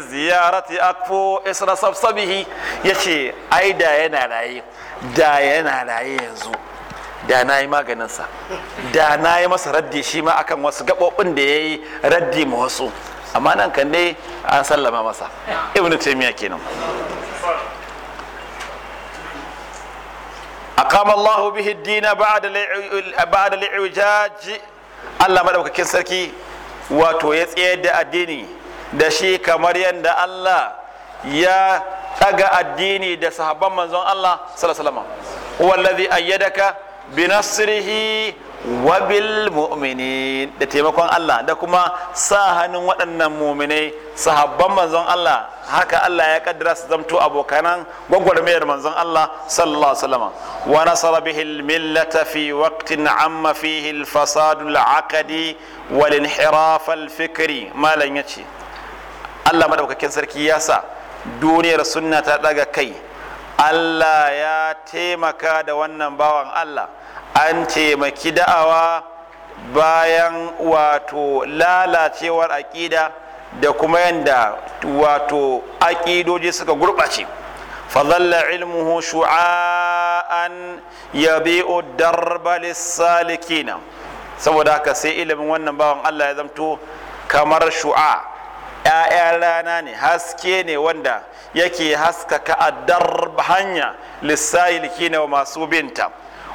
yace ai da yana raye da yana yanzu da na yi maganinsa da na yi masa raddi shi ma akan wasu gaɓoɓin da ya yi raddi ma wasu amma nan kande dai an sallama masa ibnu taymiya kenan aqama Allahu bihi ad-din ba'da al-i'wajaj Allah madaukakin sarki wato ya tsayar da addini da shi kamar yadda Allah ya daga addini da sahabban manzon Allah sallallahu alaihi wasallam wallazi ayyadaka bi wabil mu'mini da taimakon Allah da kuma sa hannun waɗannan muminai sahabban manzon Allah haka Allah ya kaddara su zamto abokanan gwagwarmayar manzon Allah sallallahu alaihi wasallam wa nasara bihi al-millata fi waqtin amma fihi al-fasad al-aqdi wal inhiraf al-fikri malan yace Allah madaukakin sarki ya sa duniyar sunna ta daga kai Allah ya taimaka da wannan bawan Allah an taimaki da'awa bayan wato lalacewar aƙida da kuma yadda wato aƙidoji suka gurɓace fadalla ilmuhu shu'a'an yabi'u darba lissalikina saboda haka sai ilimin wannan bawan Allah ya zamto kamar shu'a ‘ya'yan rana ne haske ne wanda yake haskaka a darba hanya likina wa masu binta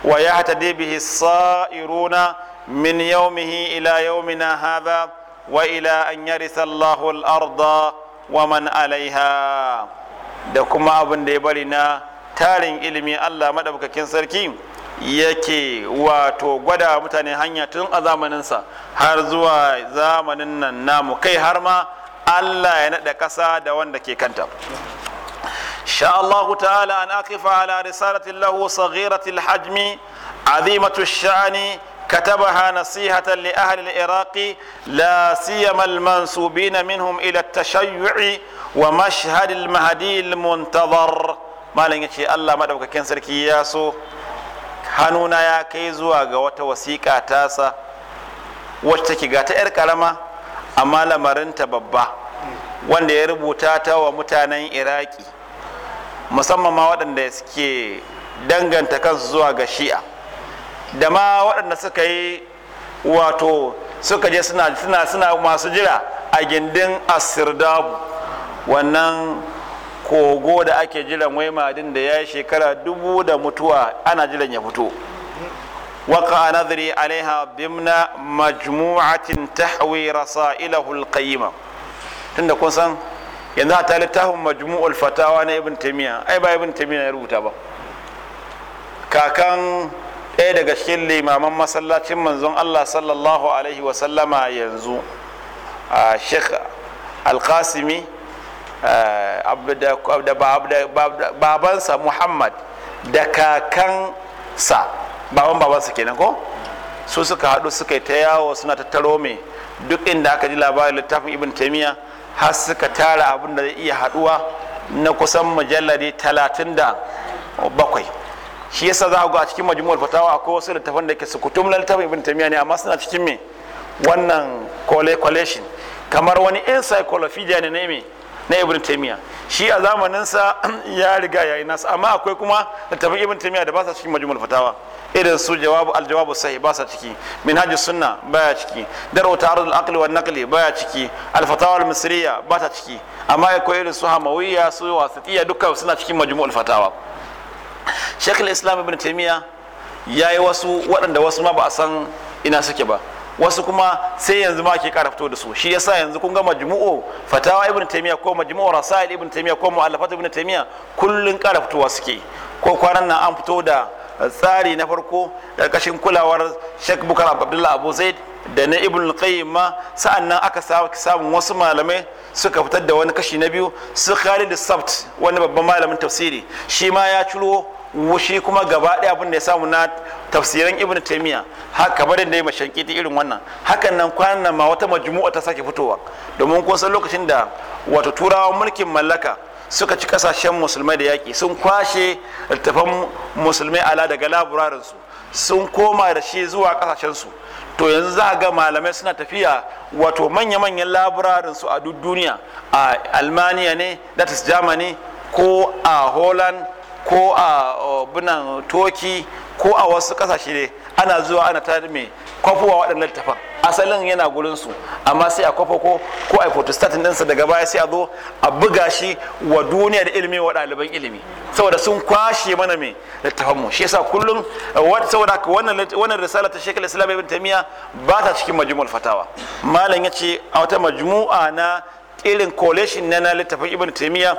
wa yahtadi bihi sa'iruna min yawmihi ila yawmina hadha wa ila an yaritha Allahu al wa alaiha da kuma abin da ya bari na tarin ilimi Allah madaukakin sarki yake wato gwada mutane hanya tun a zamaninsa har zuwa zamanin nan namu kai har ma Allah ya naɗa ƙasa da wanda ke kanta شاء الله تعالى أن أقف على رسالة له صغيرة الحجم عظيمة الشأن كتبها نصيحة لأهل العراق لا سيما المنسوبين منهم إلى التشيع ومشهد المهدي المنتظر ما لنجي الله مدعوك كنسر كياسو hannuna ya kai zuwa ga wata wasiƙa tasa wacce take ga ta 'yar ƙarama amma lamarinta babba wanda ya musamman ma waɗanda suke danganta kansu zuwa ga shi'a da ma waɗanda suka yi wato suka je suna suna suna masu jira a gindin asirdabu wannan kogo da ake jiran wai madin da ya yi shekara dubu da mutuwa ana jiran ya fito bimna نظري عليها ضمن مجموعة ilahul tun tunda kun san. yanzu ta littafin majmu'ul fatawa na ibn tamiya ai ba ibn tamiya ya rubuta ba kakan ɗaya daga cikin limaman masallacin manzon Allah sallallahu alaihi wa sallama yanzu a sheikh alkasimi babansa muhammad da kakansa baban babansa kenan ko su suka haɗu suka yi ta yawo suna tattaro mai duk inda aka ji labarin littafin ibn taimiyya har suka tara abin da zai iya haduwa na kusan mujallari talatin da bakwai shi yasa za ga a cikin majmu'ul fatawa akwai wasu littafan da ke su kutum na littafin ibn tamiya ne amma suna cikin me wannan collection kamar wani encyclopedia ne ne me na ibn taymiya shi a zamaninsa ya riga ya yi nasa amma akwai kuma littafin ibn taymiya da ba sa cikin majmu'ul fatawa irin su jawabu al jawabu ba sa ciki minhajus sunna baya ciki daru ta'arud al aqli wan naqli baya ciki al fatawa al misriya ba ta ciki amma akwai irin su hamawiyya su wasitiya dukkan suna cikin majmu'ul fatawa shaykh al islam ibn taymiya yayi wasu waɗanda wasu ma ba a san ina suke ba wasu kuma sai yanzu ma ke kara fito da su shi yasa yanzu kun ga majmu'u fatawa ibn taymiya ko majmu'u rasail ibn taymiya ko mu'allafat ibn taymiya kullun kara fitowa suke ko kwanan nan an fito da eh, tsari na farko karkashin kulawar shek Bukar Abdullah Abu Zaid da na Ibn Qayyim ma sa'annan aka samu wasu malamai suka fitar da wani kashi na biyu su Khalid Sabt wani babban malamin tafsiri shi ma ya ciro shi kuma gaba ɗaya abin da ya samu na tafsirin ibn taimiya haka barin da ya ta irin wannan hakan nan kwanan nan ma wata majmu'a ta sake fitowa domin kun san lokacin da wato turawa mulkin mallaka suka ci kasashen musulmai da yaƙi sun kwashe littafan musulmai ala daga laburarinsu sun koma da shi zuwa kasashen su to yanzu za ga malamai suna tafiya wato manya-manyan su a duk duniya a almaniya ne datis germany ko a holland ko a bunan toki ko a wasu kasashe ne ana zuwa ana ta mai kwafowa waɗannan tafan asalin yana gurinsu amma sai a kwafa ko ko a protestant ɗinsa daga baya sai a zo a buga shi wa duniya da ilimi wa ɗaliban ilimi saboda sun kwashe mana mai littafan mu shi yasa kullum saboda wannan wannan risala ta shekul islam ibn tamiya ba ta cikin majmu'ul fatawa malam ce a wata majmu'a na irin collection na littafin ibn tamiya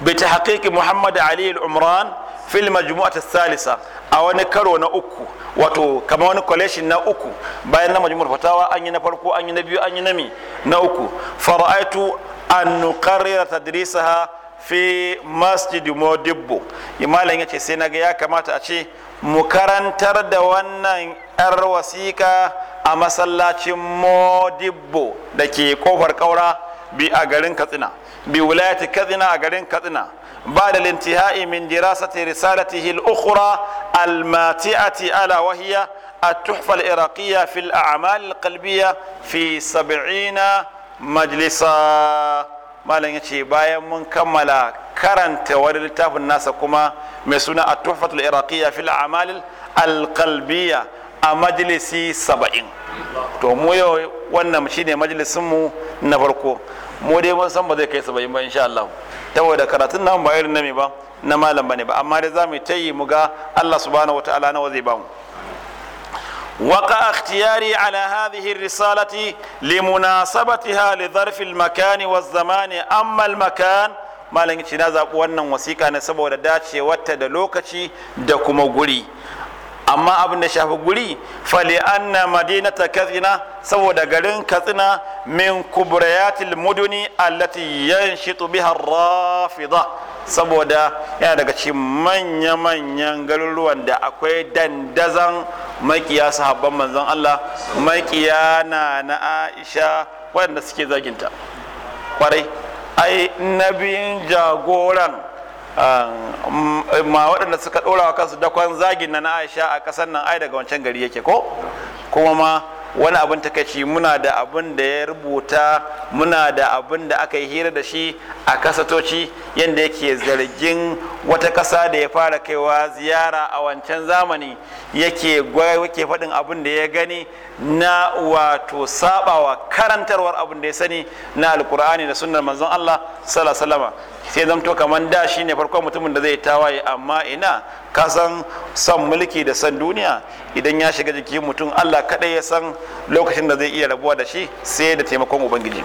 بتحقيق محمد علي العمران في المجموعة الثالثة أو نكرو نأكو واتو كما نكوليش نأكو بين مجموعة فتاوى أني نفرقو أني نبيو أني نمي نأكو فرأيت أن نقرر تدريسها fi masjid modibbo malam ya ce sai na ga ya kamata a ce mu karantar da wannan 'yar wasiƙa a masallacin modibbo da ke kofar ƙaura bi a garin katsina bi wilayati kadhina a garin kadhina بعد الانتهاء من دراسة رسالته الأخرى الماتئة ألا وهي التحفة العراقية في الأعمال القلبية في سبعين مجلسا malam ya ce bayan mun kammala karanta wani littafin nasa kuma mai suna a tuhfatul Irakiya fil amal alqalbiyya a majalisi saba'in to mu yau wannan shine majalisin mu na farko mu dai ban san ba zai kai su ba yi ma'aikanshi Allah ma. da karatun nan ba a yanzu ba? Na malam bane ba. Amma dai za mu yi tayi mu ga, Allah su bani wa ta'ala na waje ba mu. Waƙa aftiyari a laha zihin Risa Lati, Limu na Sabati Hali, Darfur Makani, Wasu Zaman, Ammal Makan. Malam Cina za wannan wasika ne saboda dacewata da lokaci da kuma guri. amma abin da shafi guri fali anna madinata katsina saboda garin katsina min kubrayatil muduni allati yanshitu biha rafida saboda yana daga cikin manya-manyan garuruwan da akwai dandazan makiya sahabban manzon Allah makiya na na Aisha waɗanda suke zaginta kwarai ai nabin jagoran Ah, mm, ma waɗanda suka ɗora wa kansu dakon zagin na aisha a ƙasar nan ai daga wancan gari yake ko kuma ma wani abin takaici muna da abin da ya rubuta muna da abin da aka yi hira da shi a kasatoci yadda yake zargin wata ƙasa da ya fara kaiwa ziyara a wancan zamani yake yake faɗin abin da ya gani na wato sabawa karantarwar abin da ya sani na alkur'ani da sunnar manzon Allah sallallahu sai to kamar da shi ne farkon mutumin da zai tawaye amma ina ka san son mulki da san duniya idan ya shiga jikin mutum Allah kaɗai ya san lokacin da zai iya rabuwa da shi sai da taimakon ubangiji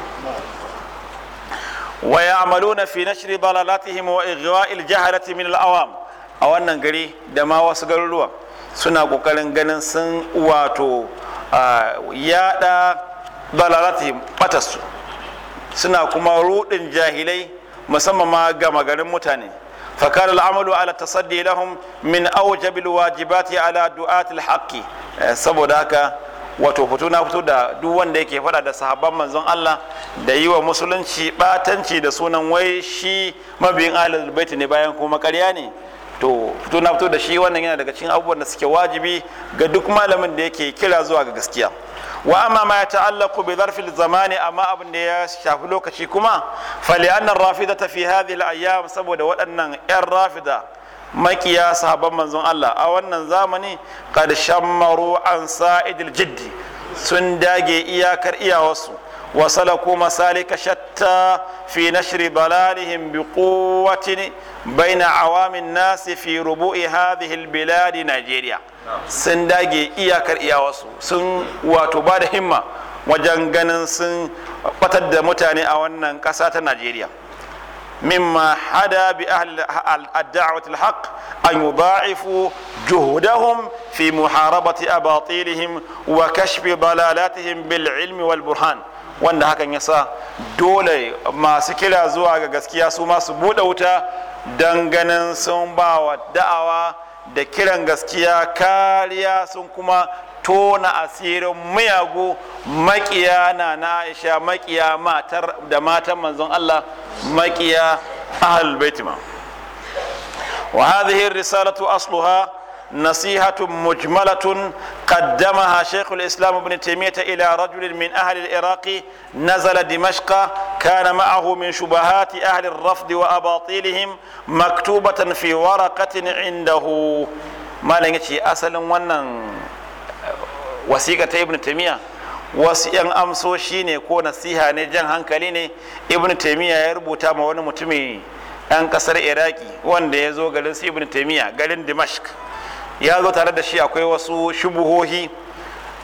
wa ya'maluna fi nashri dalalatihim wa ighwa'il jahalati min al-awam a wannan gari da ma wasu garuruwa suna kokarin ganin sun wato yada dalalatihim batasu suna kuma rudin jahilai musamman ma ga maganin mutane فكان العمل على التصدي لهم من أوجب الواجبات على دعاة الحق saboda haka wato fito na fito da duk wanda yake faɗa da sahabban manzon Allah da yi musulunci batanci da sunan wai shi mabiyin ahlul baiti ne bayan kuma ƙarya ne to fito na fito da shi wannan yana daga cikin abubuwan da suke wajibi ga duk malamin da yake kira zuwa ga gaskiya wa amma ma ta Allah bi zarfil zamani amma abin da ya shafi lokaci kuma fali'annan rafida ta fi hadhihi ayyam saboda waɗannan 'yan rafida makiya sahabban manzon Allah a wannan zamani qad shammaru an sa'idil jiddi sun dage iyakar iyawarsu وسلكوا مسالك شتى في نشر ضلالهم بقوة بين عوام الناس في ربوء هذه البلاد نيجيريا سنداجي إياك يا وسو سن وتبار همة وجنجن سن قتد متاني أوان كسات نيجيريا مما حدا بأهل الدعوة الحق أن يضاعفوا جهدهم في محاربة أباطيلهم وكشف ضلالاتهم بالعلم والبرهان wanda hakan ya sa dole masu kira zuwa ga gaskiya su masu buɗe wuta don sun ba wa da'awa da kiran gaskiya kariya sun kuma tona asirin miyagu makiya na na aisha makiya matar da matan manzon Allah makiya ahal baitima wa hadhihi risalatu asluha نصيحة مجملة قدمها شيخ الإسلام ابن تيمية إلى رجل من أهل العراق نزل دمشق كان معه من شبهات أهل الرفض وأباطيلهم مكتوبة في ورقة عنده ما لنجي أسل ونن وسيقة ابن تيمية wasu 'yan amsoshi ne ko nasiha ne jan hankali ne ibn taimiyya ya rubuta ma wani mutumi 'yan kasar iraki wanda ya zo garin su ibn taimiyya garin dimashq ya zo tare da shi akwai wasu shubuhohi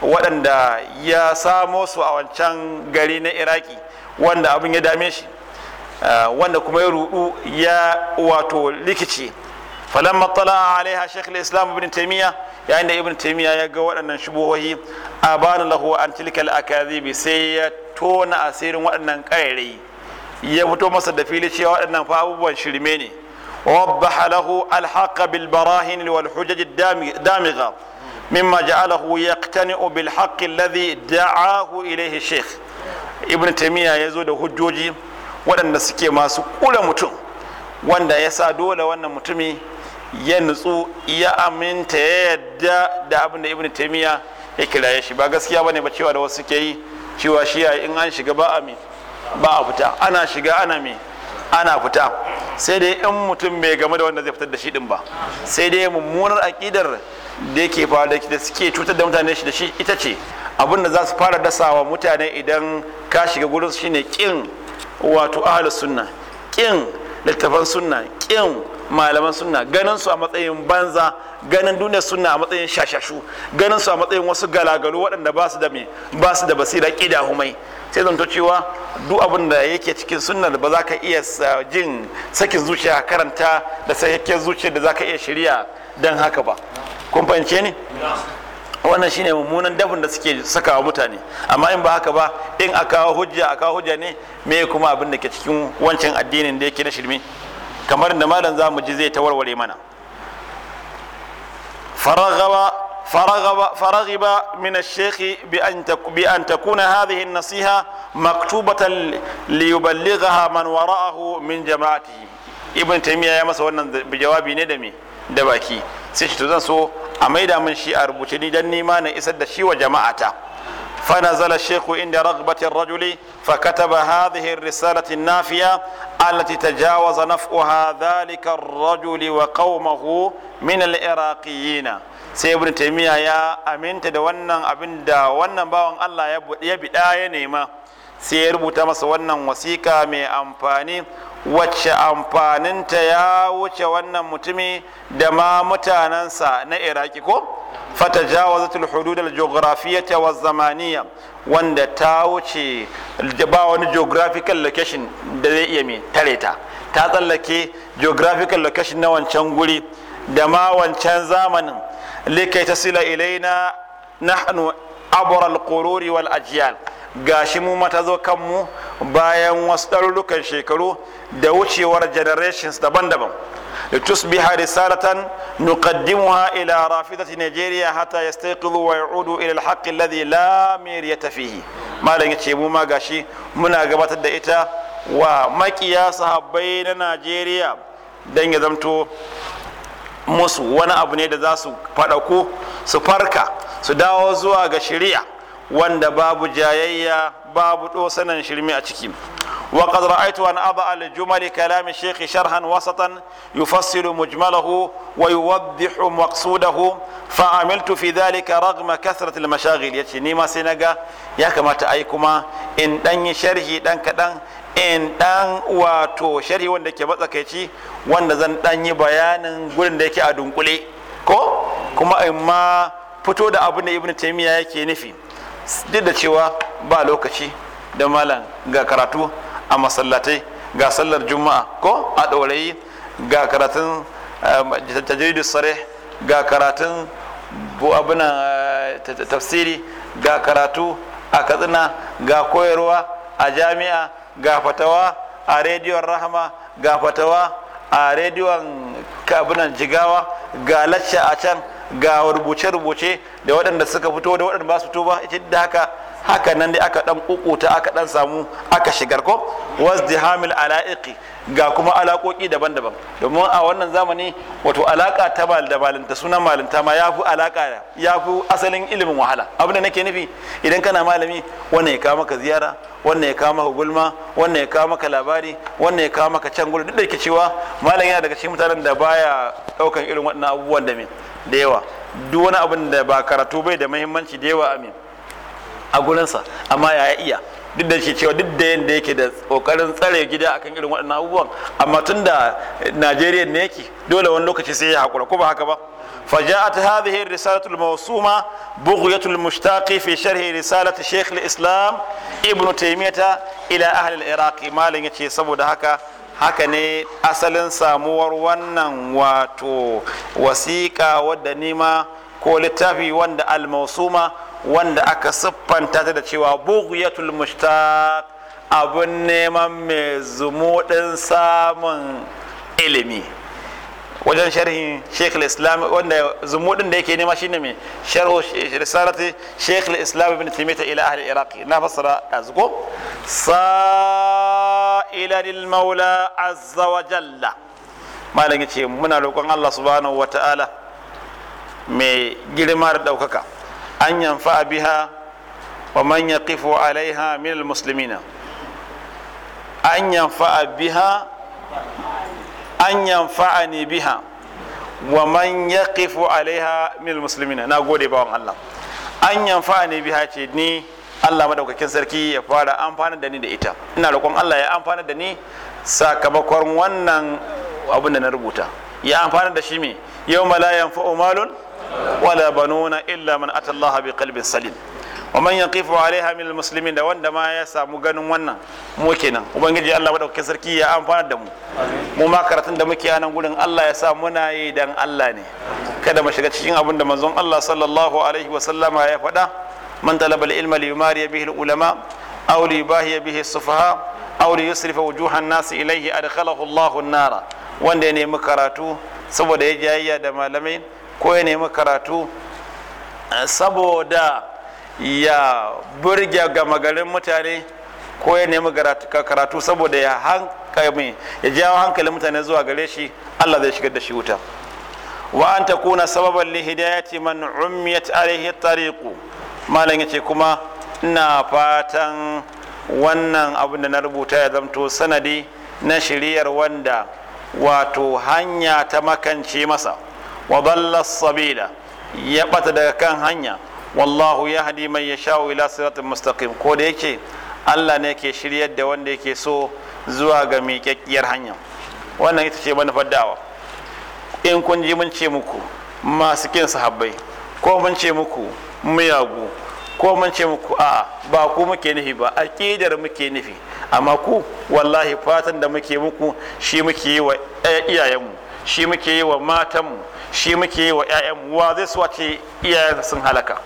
waɗanda ya samo su a wancan gari na iraki wanda abin ya dame shi eh, wanda kuma ya rudu ya wato likici falamma tala alaiha shekul islam ibn taimiyya yayin da ibn taimiyya ya ga waɗannan shubuhohi a bani lahu an a al'akazibi sai ya tona asirin waɗannan ƙayarai. ya fito masa da fili cewa waɗannan fa abubuwan shirme ne ووضح له الحق بالبراهن والحجج الدامغة مما جعله يقتنئ بالحق الذي دعاه إليه الشيخ ابن تيمية يزود هجوجي waɗanda suke masu kula mutum wanda ya sa dole wannan mutumi ya nutsu ya aminta ya yadda da abin da ibn taimiyya ya kiraye shi ba gaskiya bane ba cewa da wasu ke yi cewa shi in an shiga ba a ana shiga ana me sai dai yan mutum mai game da wanda zai fitar da shi din ba sai dai mummunar aƙidar da yake fara da suke cutar da mutane shi da shi ita ce abin da za su fara dasawa mutane idan ka shiga gurin shine kin wato ahlus sunna kin littafan sunna kin malaman suna ganin su a matsayin banza ganin duniyar suna a matsayin shashashu ganin su a matsayin wasu galagalu waɗanda ba su da me ba su da basira kida humai sai zanto cewa duk abin da yake cikin sunnar ba za ka iya jin sakin zuciya karanta da sakin zuciya da za ka iya shirya don haka ba kun fahimce ni wannan shine mummunan dafin da suke sakawa mutane amma in ba haka ba in aka hujja aka hujja ne me kuma abin da ke cikin wancan addinin da yake na shirme kamar da malam za mu ji zai ta warware mana faragaba faragaba faragiba min ash bi an ta bi an takuna hadhihi an-nasiha maktubatan li yuballighaha man wara'ahu min jama'atihi ibn taymiya ya masa wannan jawabi ne da me da baki sai shi to zan so a maida min shi a rubuce ni dan nima na isar da shi wa jama'ata فنزل الشيخ عند رغبة الرجل فكتب هذه الرسالة النافية التي تجاوز نفعها ذلك الرجل وقومه من العراقيين sai ibn taymiya ya aminta da wannan abin da wannan bawan Allah ya bida ya nema sai ya rubuta masa wannan wasiƙa mai amfani wacce amfaninta ya wuce wannan mutumi da ma mutanensa na iraki ko fata jawazatul hudud al ta wa zamaniya wanda ta wuce ba wani geographical location da zai iya mai tare ta ta tsallake geographical location na wancan guri da ma wancan zamanin likai ta sila ilaina nahnu abral qururi wal Ga gashi mu mata zo kanmu bayan wasu ɗarurrukan shekaru da wucewar generations daban-daban litusbiha risalatan nuqaddimuha ila rafidati nigeria hatta yastayqidu wa ya'udu ila alhaqqi alladhi la miryata fihi malam yace mu ma gashi muna gabatar da ita wa makiya sahabbai na Najeriya dan ya zamto musu wani abu ne da za su faɗaku su farka su dawo zuwa ga shari'a wanda babu jayayya babu dosanan shirmi a ciki wa qad an aba aljumali kalamin kalam sharhan wasatan yu yufassilu mujmalahu wa yuwaddihu maqsudahu fa amiltu fi dhalika ragma kathrat al mashaghil yace ni ma sai naga ya kamata ai kuma in dan yi sharhi dan kadan in ɗan wato sharhi wanda ke matsakaici wanda zan dan yi bayanin gurin da yake a dunkule ko kuma in ma fito da abin da ibnu taymiya yake nufi duk da cewa ba lokaci da malam ga karatu a masallatai ga sallar juma'a ko a ɗaurayi ga karatun um, tajridu sare ga karatun abin tafsiri ga karatu a katsina ga koyarwa a jami'a ga fatawa a rediyon rahama ga fatawa a rediyon kabinan jigawa ga lacca a can ga rubuce-rubuce da waɗanda suka fito da waɗanda ba su fito ba ita da haka haka nan dai aka dan kukuta aka dan samu aka shigar ko wazdihamil ala'iqi ga kuma alaƙoƙi daban-daban domin a wannan zamani wato alaƙa ta bal da balinta sunan malinta ma yafi alaƙa yafi asalin ilimin wahala abin da nake nufi idan kana malami wannan ya kawo maka ziyara wannan ya kawo maka gulma wannan ya kawo maka labari wannan ya kawo maka can gudu duk da yake cewa malam yana daga cikin mutanen da baya ɗaukan irin waɗannan abubuwan da me da yawa duk wani abin da ba karatu bai da muhimmanci da yawa amin a gurinsa amma ya iya duk da shi cewa duk da yanda yake da kokarin tsare gida akan irin waɗannan abubuwan amma tun da najeriya ne yake dole wani lokaci sai ya haƙura ko ba haka ba فجاءت هذه الرسالة الموصومة بغية المشتاق في شرح رسالة شيخ الإسلام ابن تيمية إلى أهل العراق ما لن يتشيسبوا saboda haka ne asalin samuwar wannan wato wasiƙa wadda nima ko littafi wanda al-mausuma wanda aka siffanta ta da cewa bughyatul mushtaq abin neman mai zumuɗin samun ilimi wajen sharhin shekul islam wanda zumuɗin da yake nema ne mai sharhu risalati shekul islam ibn timita ila ahli iraq na fassara azgo sa'ila lil maula azza wa jalla malam yace muna roƙon Allah subhanahu wa ta'ala mai girma da ɗaukaka an yanfa biha wa man yaqifu alaiha min almuslimina an yanfa biha an ni biha wa man yaqifu alaiha min almuslimina na gode bawan Allah an ni biha ce ni Allah madaukakin sarki ya fara amfana da ni da ita ina roƙon Allah ya amfana da ni sakamakon wannan abin da na rubuta ya amfana da shi me yau la yanfa'u malun wala banuna illa man ata Allah bi qalbin salim wa da wanda ma ya samu ganin wannan mu kenan ubangiji Allah madaukakin sarki ya amfana da mu mu ma da muke nan gudun. Allah ya sa muna yi dan Allah ne kada mu shiga cikin abin da manzon Allah sallallahu alaihi wa sallama ya faɗa man talaba al-ilma li yumari bihi ulama aw li yubahi bihi as-sufaha aw li yusrifa wujuhan nasi ilayhi adkhalahu Allahu an-nara wanda ya nemi karatu saboda ya jayayya da malamai ko ya nemi karatu saboda ya burge gama garin mutane ko ya nemi karatu saboda ya hankali ya jawo hankalin mutane zuwa gare shi Allah zai shigar da shi wuta wa an takuna sababan li hidayati man ummiyat alaihi tariqu malam yace kuma ina fatan wannan abin da na rubuta ya zamto sanadi na shiriyar wanda wato hanya ta makance masa wa balla sabila ya bata daga kan hanya wallahu ya hadi man ya sha ila siratin mustaqim ko da yake Allah ne ke shiryar da wanda yake so zuwa ga miƙaƙƙiyar hanya wannan ita ce manufar da'awa in kun ji mun ce muku masu kin sahabbai ko mun ce muku miyagu ko mun ce muku a ba ku muke nufi ba aqidar muke nufi amma ku wallahi fatan da muke muku shi muke yi wa iyayenmu shi muke yi wa matanmu shi muke yi wa 'ya'yanmu wa zai suwa ce sun halaka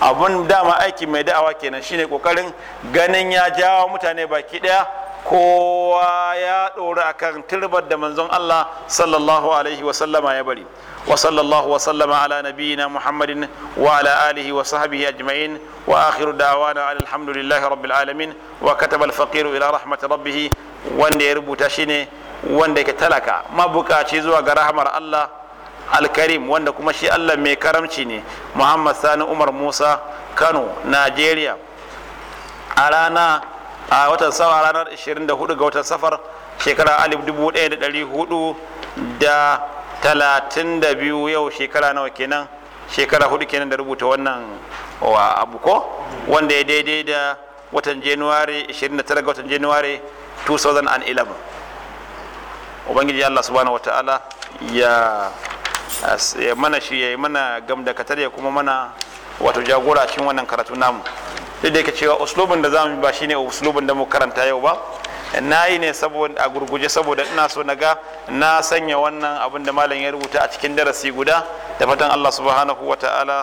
abun dama aiki mai da'awa kenan shine kokarin ganin ya jawo mutane baki daya kowa ya ɗora akan turbar da manzon Allah sallallahu alaihi wa sallama ya bari wa sallallahu wa sallama ala nabiyyina Muhammadin wa ala alihi wa sahbihi ajma'in wa akhiru da'wana alhamdulillahi rabbil alamin wa kataba al ila rahmati rabbih wanda ya rubuta shine wanda yake talaka mabukaci zuwa ga rahamar Allah alkarim wanda kuma shi Allah mai karamci ne Muhammad Sani Umar Musa Kano Nigeria a rana a watan sawa ranar 24 ga watan safar shekara 1432 yau shekara nawa kenan shekara hudu kenan da rubuta wannan wa abu ko wanda ya daidai da watan januari 29 ga watan januari 2011 ubangiji Allah subhanahu wa ya ya mana shi ya yi mana gamdakatar ya kuma mana wato jagora a cikin wannan karatu namu duk da yake cewa uslubin da zamu ba shine uslubin da mu karanta yau ba na yi ne saboda a gurguje saboda ina so na ga na sanya wannan abin da malam ya rubuta a cikin darasi guda da fatan Allah subhanahu ta'ala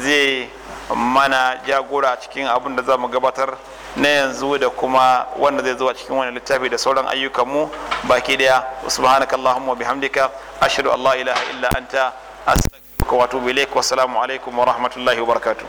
zai mana jagora a cikin abin da zamu gabatar na yanzu da kuma wanda zai zuwa cikin wani littafi da sauran ayyukanmu baki daya subhanaka allahumma bihamdika ashhadu an la ilaha illa anta astaghfiruka wa atubu ilaik wa assalamu alaikum wa rahmatullahi wa barakatuh